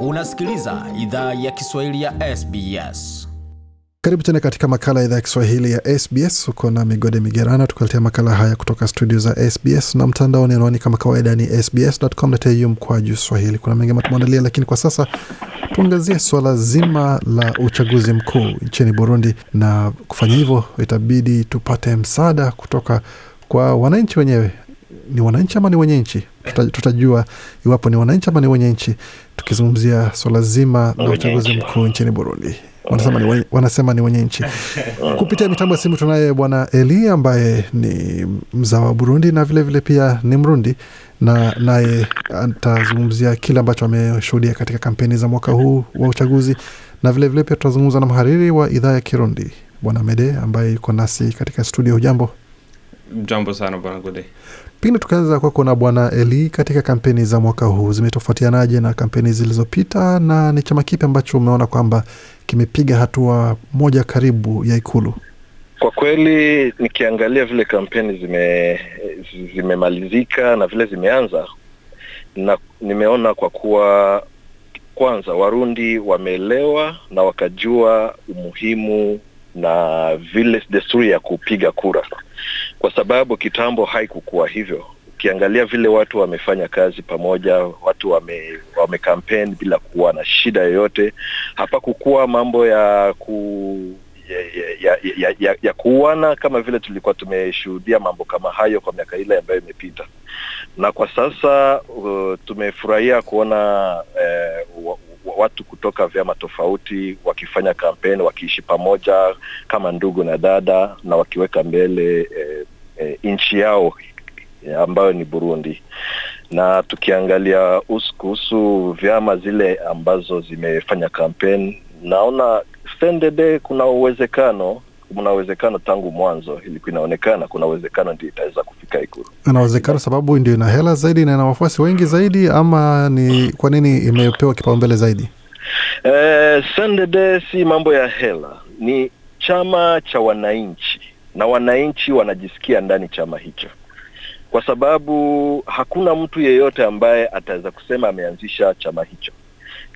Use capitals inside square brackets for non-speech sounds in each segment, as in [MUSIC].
Unasikiliza idhaa ya Kiswahili ya SBS. Karibu tena katika makala ya idhaa ya Kiswahili ya SBS. Uko na Migode Migerana tukuletea makala haya kutoka studio za SBS na mtandaoni, anwani kama kawaida ni sbs.com.au mkwaju swahili. Kuna mengi tumeandalia, lakini kwa sasa tuangazie suala zima la uchaguzi mkuu nchini Burundi, na kufanya hivyo itabidi tupate msaada kutoka kwa wananchi wenyewe ni wananchi ama ni wenye nchi. Tutajua iwapo ni wananchi ama ni wenye nchi tukizungumzia swala so zima la uchaguzi mkuu nchini Burundi. Wanasema ni, wanasema ni wenye nchi. [LAUGHS] Kupitia mitambo ya simu tunaye Bwana Eli ambaye ni mzaa wa Burundi na vilevile vile pia ni Mrundi, na naye atazungumzia kile ambacho ameshuhudia katika kampeni za mwaka huu wa uchaguzi, na vilevile vile pia tutazungumza na mhariri wa idhaa ya Kirundi Bwana Mede ambaye yuko nasi katika studio. Hujambo? jambo sana bwana gode pengine tukaanza kwako na bwana eli katika kampeni za mwaka huu zimetofautianaje na kampeni zilizopita na ni chama kipi ambacho umeona kwamba kimepiga hatua moja karibu ya ikulu kwa kweli nikiangalia vile kampeni zime zimemalizika na vile zimeanza na nimeona kwa kuwa kwanza warundi wameelewa na wakajua umuhimu na vile desturi ya kupiga kura, kwa sababu kitambo haikukuwa hivyo. Ukiangalia vile watu wamefanya kazi pamoja, watu wame, wame campaign bila kuwa na shida yoyote. hapa kukuwa mambo ya ku ya, ya, ya, ya, ya kuuana kama vile tulikuwa tumeshuhudia mambo kama hayo kwa miaka ile ambayo imepita, na kwa sasa uh, tumefurahia kuona uh, watu kutoka vyama tofauti wakifanya kampeni, wakiishi pamoja kama ndugu na dada, na wakiweka mbele eh, eh, nchi yao eh, ambayo ni Burundi. Na tukiangalia kuhusu vyama zile ambazo zimefanya kampeni, naona CNDD kuna uwezekano kuna uwezekano tangu mwanzo ilikuwa inaonekana kuna uwezekano ndio itaweza kufika Ikulu. Ana uwezekano sababu ndio ina hela zaidi na ina wafuasi wengi zaidi, ama ni kwa nini imepewa kipaumbele zaidi? Eh, CNDD si mambo ya hela, ni chama cha wananchi na wananchi wanajisikia ndani chama hicho, kwa sababu hakuna mtu yeyote ambaye ataweza kusema ameanzisha chama hicho.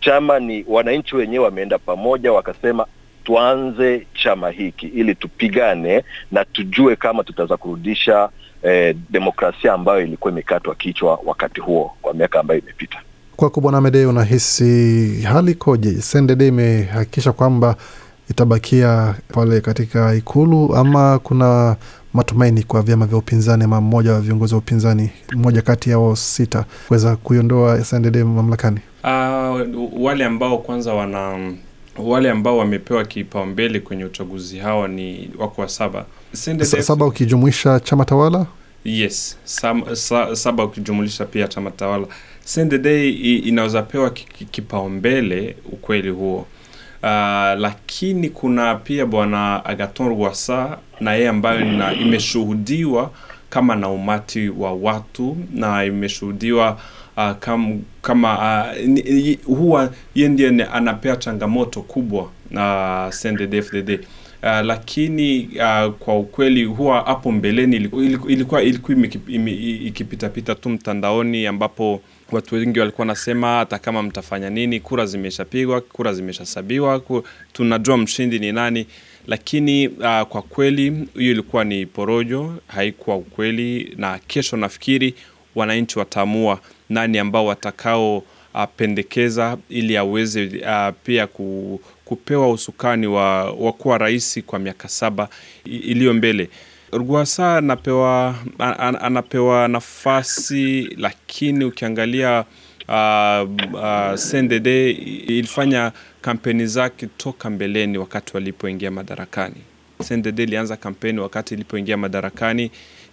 Chama ni wananchi wenyewe wameenda pamoja wakasema tuanze chama hiki ili tupigane na tujue kama tutaweza kurudisha eh, demokrasia ambayo ilikuwa imekatwa kichwa wakati huo kwa miaka ambayo imepita. Kwako Bwana mede unahisi hali ikoje? CNDD imehakikisha kwamba itabakia pale katika Ikulu ama kuna matumaini kwa vyama vya upinzani ama mmoja wa viongozi wa upinzani, mmoja kati yao sita, kuweza kuiondoa CNDD mamlakani? Uh, wale ambao kwanza wana wale ambao wamepewa kipaumbele kwenye uchaguzi hawa ni wako wa saba Sendelef, saba ukijumuisha chama tawala yes sam, sa, saba ukijumulisha pia chama tawala Sendedei inaweza pewa kipaumbele ukweli huo uh, lakini kuna pia bwana agaton Rwasa na yeye ambayo imeshuhudiwa kama na umati wa watu na imeshuhudiwa uh, kam, kama uh, huwa ye ndiye anapea changamoto kubwa uh, CNDD-FDD. Uh, lakini uh, kwa ukweli huwa hapo mbeleni ilikuwa ilikuwa ikipitapita tu mtandaoni ambapo watu wengi walikuwa nasema hata kama mtafanya nini, kura zimeshapigwa, kura zimeshasabiwa, tunajua mshindi ni nani. Lakini uh, kwa kweli hiyo ilikuwa ni porojo, haikuwa ukweli, na kesho nafikiri wananchi wataamua nani ambao watakao uh, pendekeza ili aweze uh, pia ku, kupewa usukani wa, wa kuwa rais kwa miaka saba iliyo mbele. Rwasa anapewa, anapewa nafasi lakini ukiangalia uh, uh, CNDD ilifanya kampeni zake toka mbeleni wakati walipoingia madarakani. CNDD ilianza kampeni wakati ilipoingia madarakani,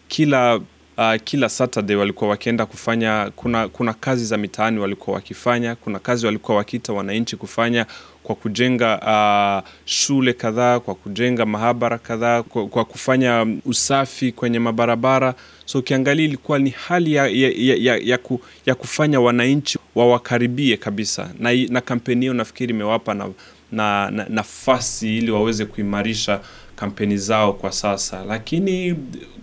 kila uh, kila Saturday walikuwa wakienda kufanya, kuna, kuna kazi za mitaani walikuwa wakifanya, kuna kazi walikuwa wakiita wananchi kufanya kwa kujenga uh, shule kadhaa, kwa kujenga mahabara kadhaa, kwa, kwa kufanya usafi kwenye mabarabara. So ukiangalia ilikuwa ni hali ya, ya, ya, ya, ku, ya kufanya wananchi wawakaribie kabisa, na, na kampeni hiyo nafikiri imewapa na na nafasi na ili waweze kuimarisha kampeni zao kwa sasa, lakini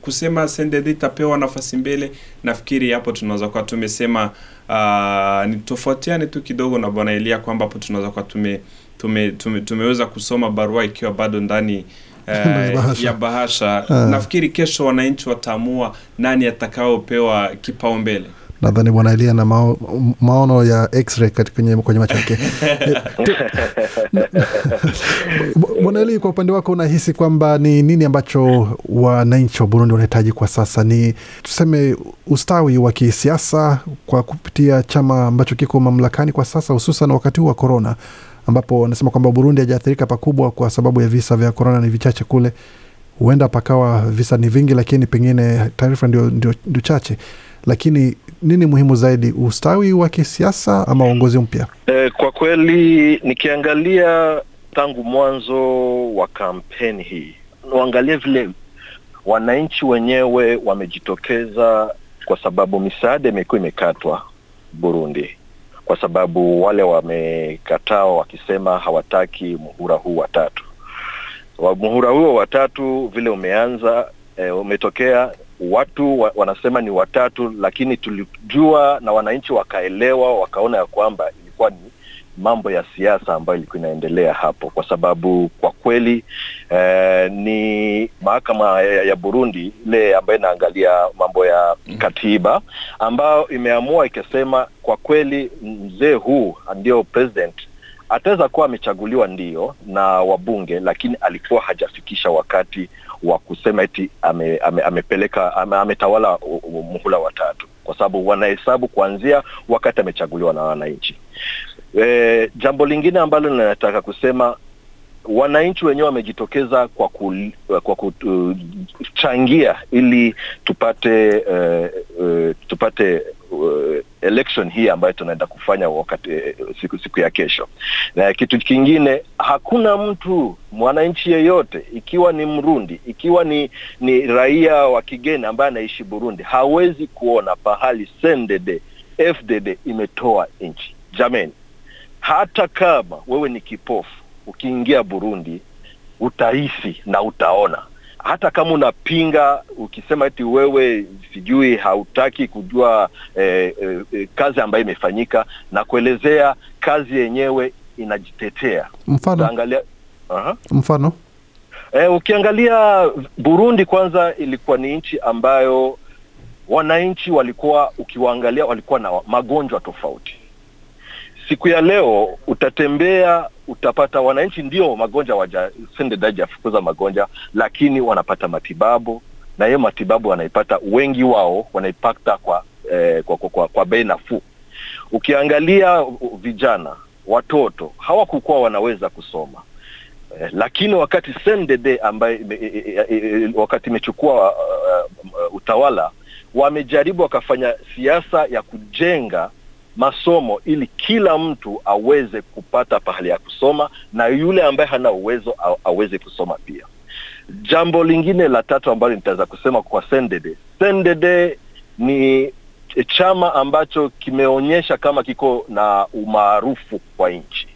kusema CNDD itapewa nafasi mbele, nafikiri hapo tunaweza kuwa tumesema uh, ah, ni tofautiane tu kidogo na bwana Elia kwamba hapo tunaweza kuwa tume, tume, tume, tumeweza kusoma barua ikiwa bado ndani Uh, [LAUGHS] ya bahasha uh. Nafikiri kesho wananchi wataamua nani atakaopewa kipaumbele nadhani bwana Elia na mao, maono ya x-ray kwenye, macho yake. [LAUGHS] Bwana Elia, kwa upande wako unahisi kwamba ni nini ambacho wananchi wa Burundi wanahitaji kwa sasa? Ni tuseme ustawi wa kisiasa kwa kupitia chama ambacho kiko mamlakani kwa sasa, hususan wakati huu wa korona, ambapo wanasema kwamba Burundi hajaathirika pakubwa kwa sababu ya visa vya korona ni vichache kule huenda pakawa visa ni vingi, lakini pengine taarifa ndio, ndio, ndio chache, lakini nini muhimu zaidi, ustawi wa kisiasa ama uongozi mpya? E, kwa kweli nikiangalia tangu mwanzo wa kampeni hii, uangalie vile wananchi wenyewe wamejitokeza, kwa sababu misaada imekuwa imekatwa Burundi, kwa sababu wale wamekataa wakisema hawataki muhura huu watatu. muhura huo watatu vile umeanza e, umetokea watu wa, wanasema ni watatu, lakini tulijua na wananchi wakaelewa, wakaona ya kwamba ilikuwa ni mambo ya siasa ambayo ilikuwa inaendelea hapo, kwa sababu kwa kweli eh, ni mahakama ya, ya Burundi ile ambayo inaangalia mambo ya mm. katiba ambayo imeamua ikasema, kwa kweli mzee huu ndio president ataweza kuwa amechaguliwa ndio na wabunge, lakini alikuwa hajafikisha wakati wa kusema eti ame, ame, ametawala ame, ametawala muhula watatu kwa sababu wanahesabu kuanzia wakati amechaguliwa na wananchi. E, jambo lingine ambalo ninataka kusema wananchi wenyewe wamejitokeza kwa, ku, eh, kwa kuchangia eh, ili tupate uh, uh, tupate uh, election hii ambayo tunaenda kufanya wakati uh, siku, siku ya kesho. Na kitu kingine, hakuna mtu mwananchi yeyote, ikiwa ni Mrundi, ikiwa ni, ni raia wa kigeni ambaye anaishi Burundi, hawezi kuona pahali sendede FDD imetoa nchi. Jameni, hata kama wewe ni kipofu ukiingia Burundi utahisi na utaona hata kama unapinga ukisema eti wewe sijui hautaki kujua eh, eh, eh kazi ambayo imefanyika na kuelezea kazi yenyewe inajitetea. Mfano Utaangalia... uh-huh. mfano eh, ukiangalia Burundi kwanza ilikuwa ni nchi ambayo wananchi walikuwa ukiwaangalia walikuwa na magonjwa tofauti siku ya leo utatembea utapata wananchi ndio magonjwa wajasendedaj ya fukuza magonjwa lakini wanapata matibabu na hiyo matibabu wanaipata wengi wao wanaipata kwa, eh, kwa, kwa, kwa, kwa bei nafuu ukiangalia vijana watoto hawakukuwa wanaweza kusoma eh, lakini wakati sendede ambaye eh, eh, eh, wakati imechukua uh, uh, utawala wamejaribu wakafanya siasa ya kujenga masomo ili kila mtu aweze kupata pahali ya kusoma na yule ambaye hana uwezo aweze kusoma pia. Jambo lingine la tatu ambalo nitaweza kusema kwa Sendede, Sendede ni chama ambacho kimeonyesha kama kiko na umaarufu kwa nchi.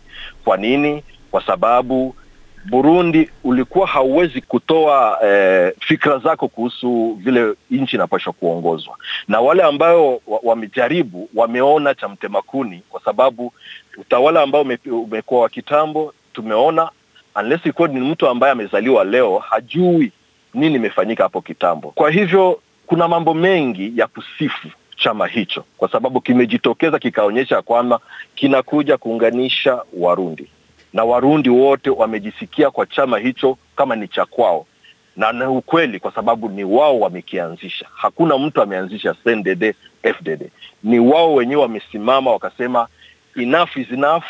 Kwa nini? Kwa sababu Burundi ulikuwa hauwezi kutoa eh, fikra zako kuhusu vile nchi inapashwa kuongozwa, na wale ambao wamejaribu wa wameona cha mtema kwa sababu utawala ambao umekuwa wa kitambo tumeona, unless ikuwa ni mtu ambaye amezaliwa leo, hajui nini imefanyika hapo kitambo. Kwa hivyo kuna mambo mengi ya kusifu chama hicho, kwa sababu kimejitokeza kikaonyesha kwamba kinakuja kuunganisha Warundi na Warundi wote wamejisikia kwa chama hicho kama ni cha kwao, na ni ukweli kwa sababu ni wao wamekianzisha. Hakuna mtu ameanzisha sendede FDD, ni wao wenyewe wamesimama wakasema enough is enough,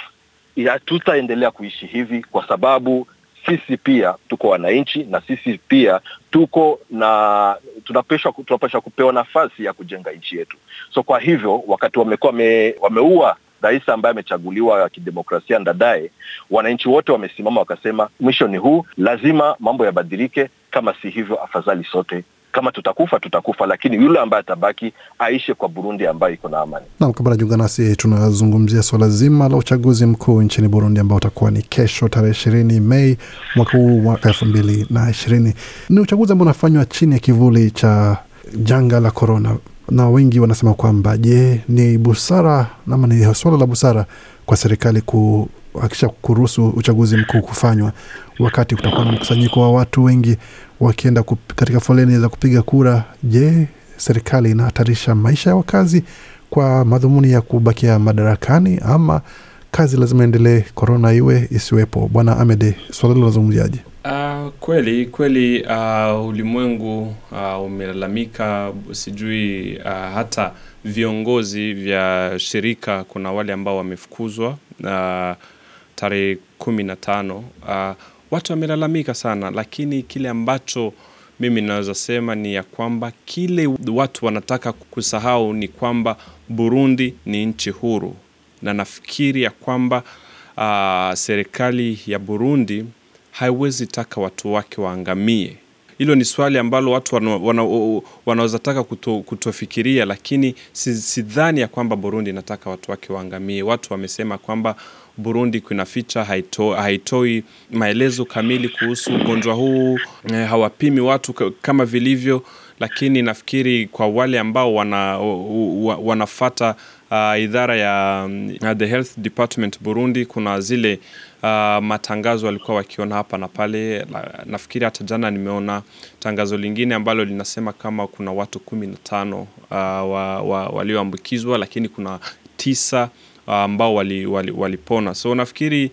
hatutaendelea kuishi hivi kwa sababu sisi pia tuko wananchi na sisi pia tuko na tunapashwa tunapashwa kupewa nafasi ya kujenga nchi yetu. So kwa hivyo wakati wamekuwa wameua rais ambaye amechaguliwa kidemokrasia ndadaye, wananchi wote wamesimama wakasema, mwisho ni huu, lazima mambo yabadilike, kama si hivyo afadhali sote kama tutakufa tutakufa, lakini yule ambaye atabaki aishe kwa Burundi ambayo iko na amani. Nam kabla jiunga nasi, tunazungumzia so zima la uchaguzi mkuu nchini Burundi ambao utakuwa ni kesho tarehe ishirini Mei mwaka huu mwaka elfu mbili na ishirini. Ni uchaguzi ambao unafanywa chini ya kivuli cha janga la korona na wengi wanasema kwamba je, ni busara ama ni swala la busara kwa serikali kuhakikisha kuruhusu uchaguzi mkuu kufanywa wakati kutakuwa na mkusanyiko wa watu wengi wakienda kup, katika foleni za kupiga kura? Je, serikali inahatarisha maisha ya wakazi kwa madhumuni ya kubakia madarakani ama kazi lazima endelee, korona iwe isiwepo. Bwana Amede, swala hilo lazungumziaje? Uh, ah, kweli kweli, uh, ulimwengu uh, umelalamika, sijui uh, hata viongozi vya shirika kuna wale ambao wamefukuzwa uh, tarehe kumi na tano uh, watu wamelalamika sana, lakini kile ambacho mimi naweza sema ni ya kwamba kile watu wanataka kusahau ni kwamba Burundi ni nchi huru na nafikiri ya kwamba uh, serikali ya Burundi haiwezi taka watu wake waangamie. Hilo ni swali ambalo watu wanaweza wana, taka kuto, kutofikiria, lakini sidhani ya kwamba Burundi inataka watu wake waangamie. Watu wamesema kwamba Burundi kunaficha haito, haitoi maelezo kamili kuhusu ugonjwa huu eh, hawapimi watu kama vilivyo, lakini nafikiri kwa wale ambao wana, wanafata uh, idara ya uh, the health department Burundi, kuna zile uh, matangazo walikuwa wakiona hapa na pale. Nafikiri hata jana nimeona tangazo lingine ambalo linasema kama kuna watu kumi na tano uh, wa, wa, walioambukizwa, lakini kuna tisa uh, ambao uh, walipona wali, walipona. so nafikiri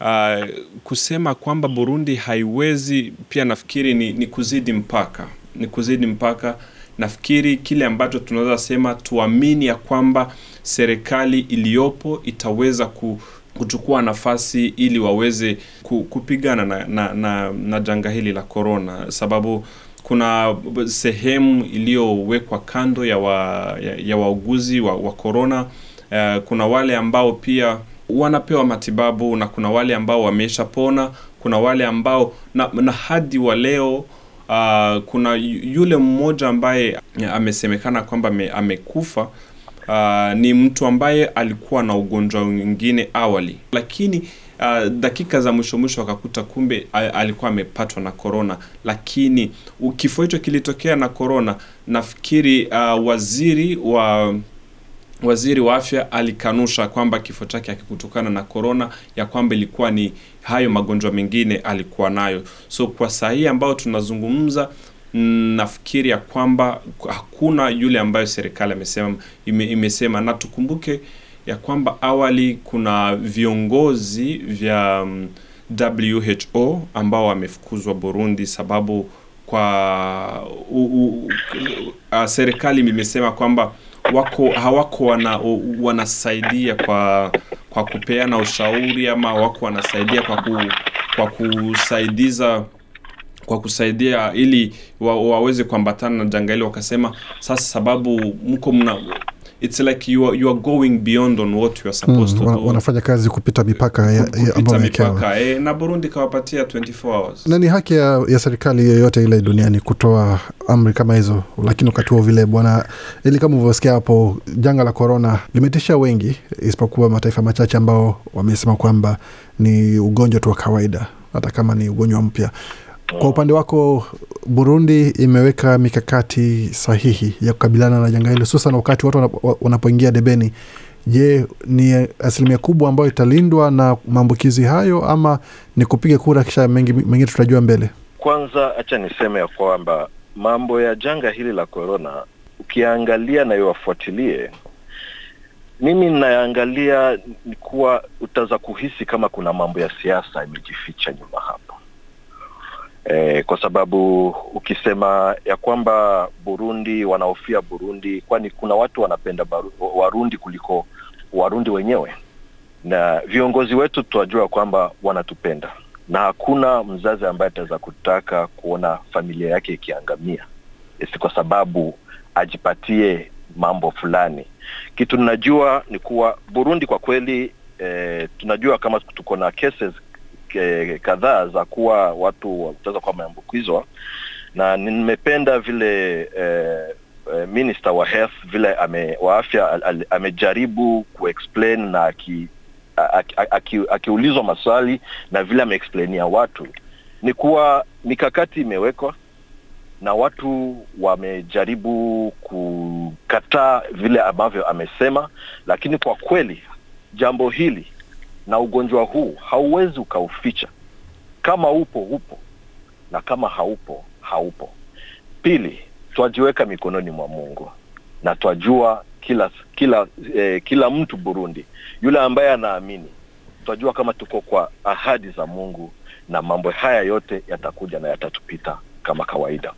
uh, kusema kwamba Burundi haiwezi pia nafikiri ni, ni kuzidi mpaka ni kuzidi mpaka. Nafikiri kile ambacho tunaweza sema, tuamini ya kwamba serikali iliyopo itaweza ku kuchukua nafasi ili waweze kupigana na, na, na, na janga hili la korona, sababu kuna sehemu iliyowekwa kando ya wa, ya, ya wauguzi wa korona uh, eh, kuna wale ambao pia wanapewa matibabu na kuna wale ambao wameshapona, kuna wale ambao na, na hadi wa leo uh, kuna yule mmoja ambaye amesemekana kwamba amekufa. Uh, ni mtu ambaye alikuwa na ugonjwa mwingine awali, lakini uh, dakika za mwisho mwisho akakuta kumbe alikuwa amepatwa na korona, lakini kifo hicho kilitokea na korona. Nafikiri uh, waziri wa waziri wa afya alikanusha kwamba kifo chake hakikutokana na korona, ya kwamba ilikuwa ni hayo magonjwa mengine alikuwa nayo. So kwa saa hii ambayo tunazungumza nafikiri ya kwamba hakuna yule ambayo serikali amesema ime, imesema na tukumbuke ya kwamba awali kuna viongozi vya mm, WHO ambao wamefukuzwa Burundi sababu kwa u, u, u, a, serikali imesema kwamba wako hawako wana, wanasaidia kwa kwa kupeana ushauri ama wako wanasaidia kwa ku, kwa kusaidiza kwa kusaidia ili wa, waweze kuambatana na janga hilo, wakasema sasa, sababu mko mna it's like you are, you are going beyond on what you are hmm, supposed mm, to do. Wanafanya kazi kupita mipaka ya, kupita mipaka e, na Burundi kawapatia 24 hours. Na ni haki ya, ya serikali yoyote ile duniani kutoa amri kama hizo, lakini wakati huo vile bwana, ili kama ulivyosikia hapo, janga la korona limetisha wengi, isipokuwa mataifa machache ambao wamesema kwamba ni ugonjwa tu wa kawaida, hata kama ni ugonjwa mpya kwa upande wako, Burundi imeweka mikakati sahihi ya kukabiliana na janga hili, hususan wakati watu wanapoingia debeni. Je, ni asilimia kubwa ambayo italindwa na maambukizi hayo ama ni kupiga kura, kisha mengine mengi tutajua mbele? Kwanza hacha niseme ya kwamba mambo ya janga hili la korona, ukiangalia na iwafuatilie, mimi ninayangalia ni kuwa utaweza kuhisi kama kuna mambo ya siasa imejificha nyuma hapa eh, kwa sababu ukisema ya kwamba Burundi wanahofia Burundi, kwani kuna watu wanapenda baru, Warundi kuliko Warundi wenyewe, na viongozi wetu tuwajua kwamba wanatupenda na hakuna mzazi ambaye ataweza kutaka kuona familia yake ikiangamia, si kwa sababu ajipatie mambo fulani. Kitu tunajua ni kuwa Burundi kwa kweli eh, tunajua kama tuko na cases kadhaa za kuwa watu wataweza kuwa wameambukizwa, na nimependa vile eh, eh, minister wa health vile ame, wa afya amejaribu kuexplain na akiulizwa aki, aki maswali na vile ameexplainia watu ni kuwa mikakati imewekwa na watu wamejaribu kukataa vile ambavyo amesema, lakini kwa kweli jambo hili na ugonjwa huu hauwezi ukauficha. Kama upo upo, na kama haupo haupo. Pili, twajiweka mikononi mwa Mungu na twajua kila kila eh, kila mtu Burundi yule ambaye anaamini, twajua kama tuko kwa ahadi za Mungu na mambo haya yote yatakuja na yatatupita kama kawaida.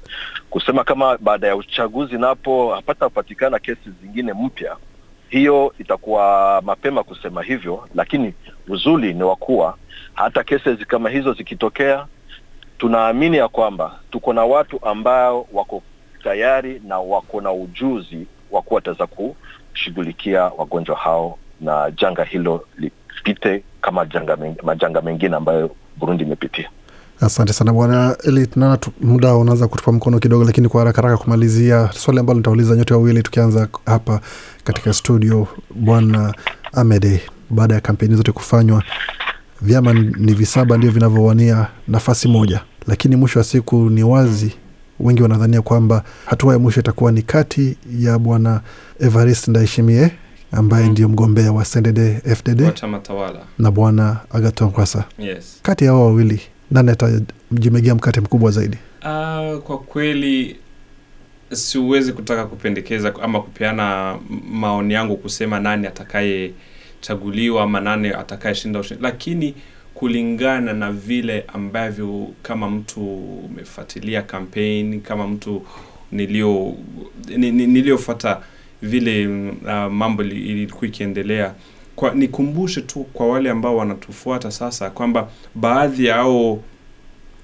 Kusema kama baada ya uchaguzi napo hapatapatikana kesi zingine mpya hiyo itakuwa mapema kusema hivyo, lakini uzuli ni wa kuwa hata kese kama hizo zikitokea, tunaamini ya kwamba tuko na watu ambao wako tayari na wako na ujuzi wa kuwa wataweza kushughulikia wagonjwa hao na janga hilo lipite kama janga majanga mengine ambayo Burundi imepitia. Asante sana bwana Elitna, muda unaanza kutupa mkono kidogo, lakini kwa haraka haraka kumalizia swali ambalo nitauliza nyote wawili, tukianza hapa katika studio. Bwana Amede, baada ya kampeni zote kufanywa, vyama ni visaba ndio vinavyowania nafasi moja, lakini mwisho wa siku ni wazi wengi wanadhania kwamba hatua ya mwisho itakuwa ni kati ya bwana Evarist Ndayishimiye ambaye mm. ndiyo mgombea wa CNDD-FDD na bwana Agaton Kwasa. Yes. Kati ya hao wawili nani atajimegea mkate mkubwa zaidi? Uh, kwa kweli siuwezi kutaka kupendekeza ama kupeana maoni yangu kusema nani atakayechaguliwa ama nani atakayeshinda lakini kulingana na vile ambavyo kama mtu umefuatilia kampeni, kama mtu nilio vile uh, mambo ilikuwa ikiendelea kwa, nikumbushe tu kwa wale ambao wanatufuata sasa kwamba baadhi ya ao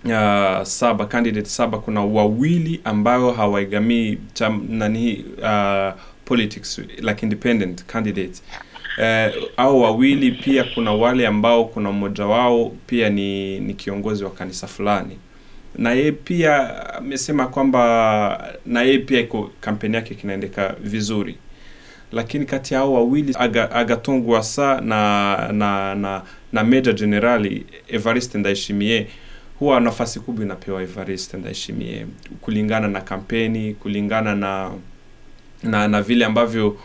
uh, saba candidate saba, kuna wawili ambao hawaigamii nani uh, politics like independent candidate uh, eh, au wawili pia, kuna wale ambao kuna mmoja wao pia ni, ni kiongozi wa kanisa fulani na yeye pia amesema kwamba na yeye pia iko kampeni yake kinaendeka vizuri lakini kati ya hao wawili Aga, Agathon na na na, na Meja Jenerali Evariste Ndayishimiye huwa nafasi kubwa inapewa Evariste Ndayishimiye kulingana na kampeni, kulingana na na, na vile ambavyo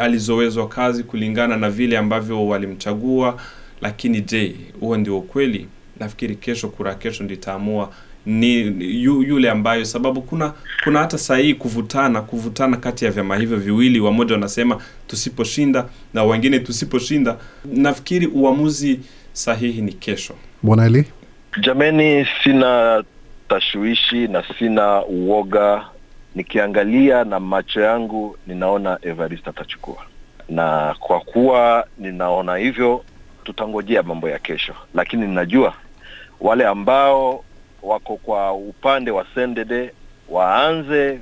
alizowezwa kazi, kulingana na vile ambavyo walimchagua. Lakini je, huo ndio ukweli? Nafikiri kesho, kura kesho, nditaamua ni yu, yule ambayo sababu kuna kuna hata sahihi kuvutana kuvutana kati ya vyama hivyo viwili, wamoja wanasema tusiposhinda na wengine tusiposhinda. Nafikiri uamuzi sahihi ni kesho. Bwana Eli, jameni, sina tashuishi na sina uoga. Nikiangalia na macho yangu ninaona Evarist atachukua, na kwa kuwa ninaona hivyo, tutangojea mambo ya kesho, lakini ninajua wale ambao wako kwa upande wa Sendede waanze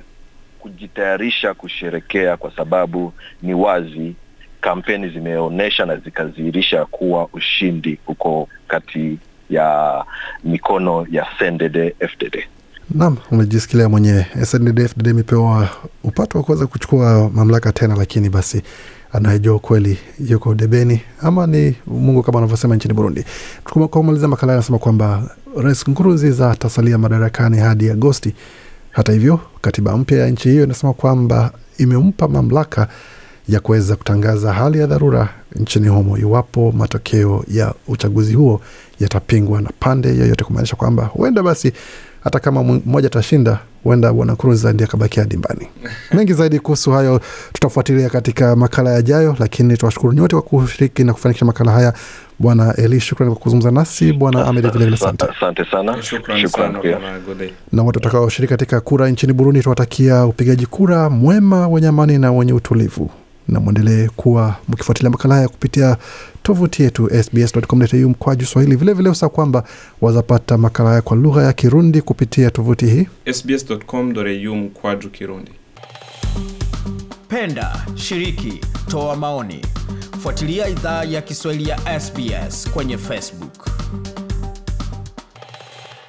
kujitayarisha kusherekea, kwa sababu ni wazi kampeni zimeonyesha na zikadhihirisha kuwa ushindi huko kati ya mikono ya Sendede FDD. umejisikilia mwenyewe. sndfdd imepewa upato wa kuweza kuchukua mamlaka tena, lakini basi anayejua ukweli yuko debeni, ama ni Mungu kama anavyosema nchini Burundi. Tukumaliza makala, anasema kwamba Rais Nkurunziza atasalia madarakani hadi Agosti. Hata hivyo, katiba mpya ya nchi hiyo inasema kwamba imempa mamlaka ya kuweza kutangaza hali ya dharura nchini humo iwapo matokeo ya uchaguzi huo yatapingwa na pande yoyote, kumaanisha kwamba huenda basi hata kama mmoja atashinda huenda bwana Cruz ndiye akabakia dimbani. [LAUGHS] Mengi zaidi kuhusu hayo tutafuatilia katika makala yajayo, lakini tuwashukuru nyote kwa kushiriki na kufanikisha makala haya. Bwana Eli, shukran kwa kuzungumza nasi. Bwana amed vilevile asante, sana, Na watu watakaoshiriki katika kura nchini Burundi, tuwatakia upigaji kura mwema, wenye amani na wenye utulivu na mwendelee kuwa mkifuatilia makala haya kupitia tovuti yetu sbs.com.au mkwaju swahili. Vilevile usa kwamba wazapata makala haya kwa lugha ya Kirundi kupitia tovuti hii sbs.com.au mkwaju Kirundi. Penda, shiriki, toa maoni, fuatilia idhaa ya Kiswahili ya SBS kwenye Facebook.